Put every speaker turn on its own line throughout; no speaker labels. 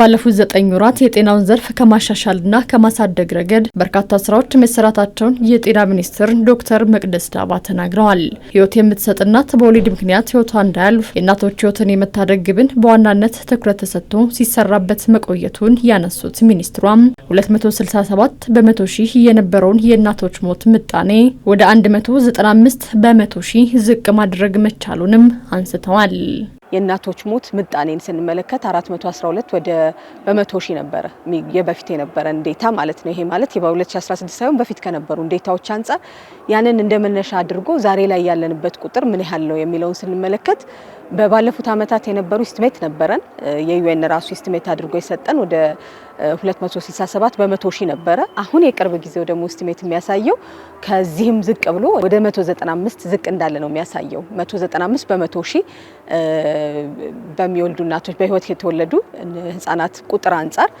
ባለፉት ዘጠኝ ወራት የጤናውን ዘርፍ ከማሻሻልና ከማሳደግ ረገድ በርካታ ስራዎች መሰራታቸውን የጤና ሚኒስትር ዶክተር መቅደስ ዳባ ተናግረዋል። ህይወት የምትሰጥ እናት በወሊድ ምክንያት ህይወቷ እንዳያልፍ የእናቶች ህይወትን የመታደግ ግብን በዋናነት ትኩረት ተሰጥቶ ሲሰራበት መቆየቱን ያነሱት ሚኒስትሯም 267 በመቶ ሺህ የነበረውን የእናቶች ሞት ምጣኔ ወደ 195 በመቶ ሺህ ዝቅ ማድረግ መቻሉንም አንስተዋል።
የእናቶች ሞት ምጣኔን ስንመለከት 412 ወደ በመቶ ሺህ ነበረ የበፊት የነበረን ዴታ ማለት ነው። ይሄ ማለት የበ 2016 ሳይሆን በፊት ከነበሩ ዴታዎች አንጻር ያንን እንደመነሻ አድርጎ ዛሬ ላይ ያለንበት ቁጥር ምን ያህል ነው የሚለውን ስንመለከት በባለፉት ዓመታት የነበሩ ኢስቲሜት ነበረን። የዩኤን ራሱ ኢስቲሜት አድርጎ የሰጠን ወደ 267 በመቶ ሺህ ነበረ። አሁን የቅርብ ጊዜው ደግሞ ኢስቲሜት የሚያሳየው ከዚህም ዝቅ ብሎ ወደ 195 ዝቅ እንዳለ ነው የሚያሳየው። 195 በመቶ ሺህ በሚወልዱ እናቶች በህይወት የተወለዱ ህጻናት ቁጥር አንጻር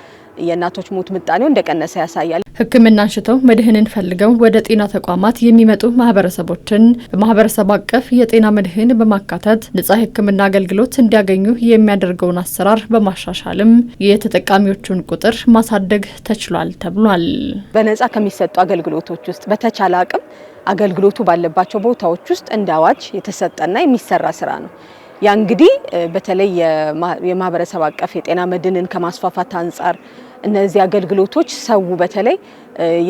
የእናቶች ሞት ምጣኔው እንደቀነሰ ያሳያል።
ህክምና አንሽተው መድህንን ፈልገው ወደ ጤና ተቋማት የሚመጡ ማህበረሰቦችን በማህበረሰብ አቀፍ የጤና መድህን በማካተት ነጻ ሕክምና አገልግሎት እንዲያገኙ የሚያደርገውን አሰራር በማሻሻልም የተጠቃሚዎቹን ቁጥር ማሳደግ ተችሏል ተብሏል።
በነጻ ከሚሰጡ አገልግሎቶች ውስጥ በተቻለ አቅም አገልግሎቱ ባለባቸው ቦታዎች ውስጥ እንደ አዋጅ የተሰጠና የሚሰራ ስራ ነው። ያ እንግዲህ በተለይ የማህበረሰብ አቀፍ የጤና መድንን ከማስፋፋት አንጻር እነዚህ አገልግሎቶች ሰው በተለይ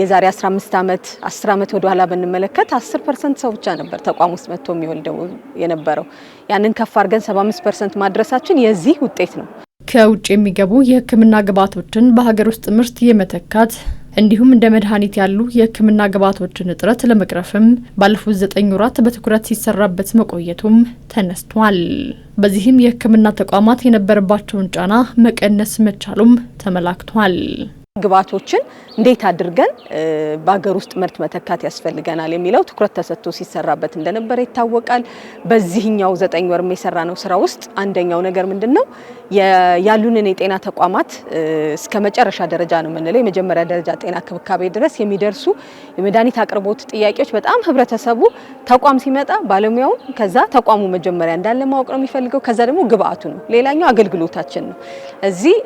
የዛሬ 15 ዓመት 10 ዓመት ወደ ኋላ ብንመለከት 10 ፐርሰንት ሰው ብቻ ነበር ተቋም ውስጥ መጥቶ የሚወልደው የነበረው። ያንን ከፍ አድርገን 75 ፐርሰንት ማድረሳችን የዚህ ውጤት ነው።
ከውጭ የሚገቡ የሕክምና ግብዓቶችን በሀገር ውስጥ ምርት የመተካት እንዲሁም እንደ መድኃኒት ያሉ የሕክምና ግብዓቶችን እጥረት ለመቅረፍም ባለፉት ዘጠኝ ወራት በትኩረት ሲሰራበት መቆየቱም ተነስቷል። በዚህም የሕክምና ተቋማት የነበረባቸውን ጫና መቀነስ መቻሉም ተመላክቷል።
ግብዓቶችን እንዴት አድርገን በሀገር ውስጥ ምርት መተካት ያስፈልገናል የሚለው ትኩረት ተሰጥቶ ሲሰራበት እንደነበረ ይታወቃል። በዚህኛው ዘጠኝ ወርም የሰራነው ስራ ውስጥ አንደኛው ነገር ምንድን ነው? ያሉንን የጤና ተቋማት እስከ መጨረሻ ደረጃ ነው የምንለው የመጀመሪያ ደረጃ ጤና ክብካቤ ድረስ የሚደርሱ የመድኃኒት አቅርቦት ጥያቄዎች በጣም ህብረተሰቡ ተቋም ሲመጣ ባለሙያውን ከዛ ተቋሙ መጀመሪያ እንዳለ ማወቅ ነው የሚፈልገው። ከዛ ደግሞ ግብዓቱ ነው። ሌላኛው አገልግሎታችን ነው። እዚህ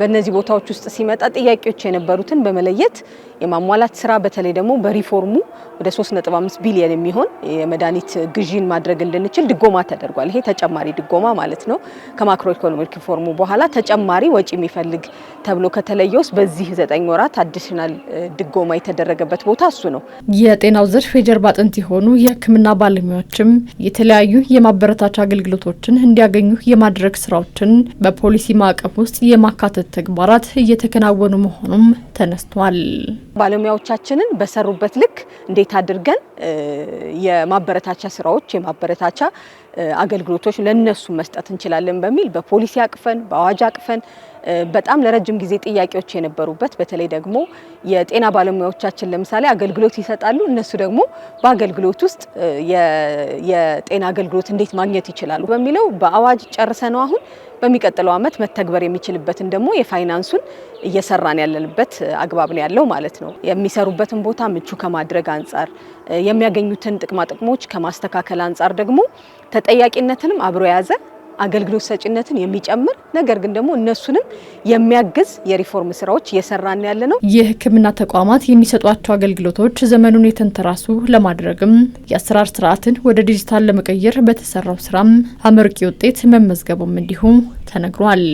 በእነዚህ ቦታዎች ውስጥ ሲመጣ ጥያቄ ጥያቄዎች የነበሩትን በመለየት የማሟላት ስራ በተለይ ደግሞ በሪፎርሙ ወደ 3.5 ቢሊዮን የሚሆን የመድኃኒት ግዢን ማድረግ እንድንችል ድጎማ ተደርጓል። ይሄ ተጨማሪ ድጎማ ማለት ነው። ከማክሮ ኢኮኖሚክ ሪፎርሙ በኋላ ተጨማሪ ወጪ የሚፈልግ ተብሎ ከተለየ ውስጥ በዚህ ዘጠኝ ወራት አዲሽናል ድጎማ የተደረገበት ቦታ እሱ ነው።
የጤናው ዘርፍ የጀርባ አጥንት የሆኑ የሕክምና ባለሙያዎችም የተለያዩ የማበረታቻ አገልግሎቶችን እንዲያገኙ የማድረግ ስራዎችን በፖሊሲ ማዕቀፍ ውስጥ የማካተት ተግባራት እየተከናወኑ መሆ መሆኑም ተነስቷል።
ባለሙያዎቻችንን በሰሩበት ልክ እንዴት አድርገን የማበረታቻ ስራዎች የማበረታቻ አገልግሎቶች ለነሱ መስጠት እንችላለን በሚል በፖሊሲ አቅፈን በአዋጅ አቅፈን በጣም ለረጅም ጊዜ ጥያቄዎች የነበሩበት በተለይ ደግሞ የጤና ባለሙያዎቻችን ለምሳሌ አገልግሎት ይሰጣሉ። እነሱ ደግሞ በአገልግሎት ውስጥ የጤና አገልግሎት እንዴት ማግኘት ይችላሉ በሚለው በአዋጅ ጨርሰ ነው አሁን በሚቀጥለው ዓመት መተግበር የሚችልበትን ደግሞ የፋይናንሱን እየሰራን ያለንበት አግባብ ነው ያለው ማለት ነው። የሚሰሩበትን ቦታ ምቹ ከማድረግ አንጻር የሚያገኙትን ጥቅማጥቅሞች ከማስተካከል አንጻር ደግሞ ተጠያቂነትንም አብሮ የያዘ አገልግሎት ሰጪነትን የሚጨምር ነገር ግን ደግሞ እነሱንም የሚያግዝ የሪፎርም ስራዎች እየሰራን ያለ ነው።
የሕክምና ተቋማት የሚሰጧቸው አገልግሎቶች ዘመኑን የተንተራሱ ለማድረግም የአሰራር ስርዓትን ወደ ዲጂታል ለመቀየር በተሰራው ስራም አመርቂ ውጤት መመዝገቡም እንዲሁ ተነግሯል።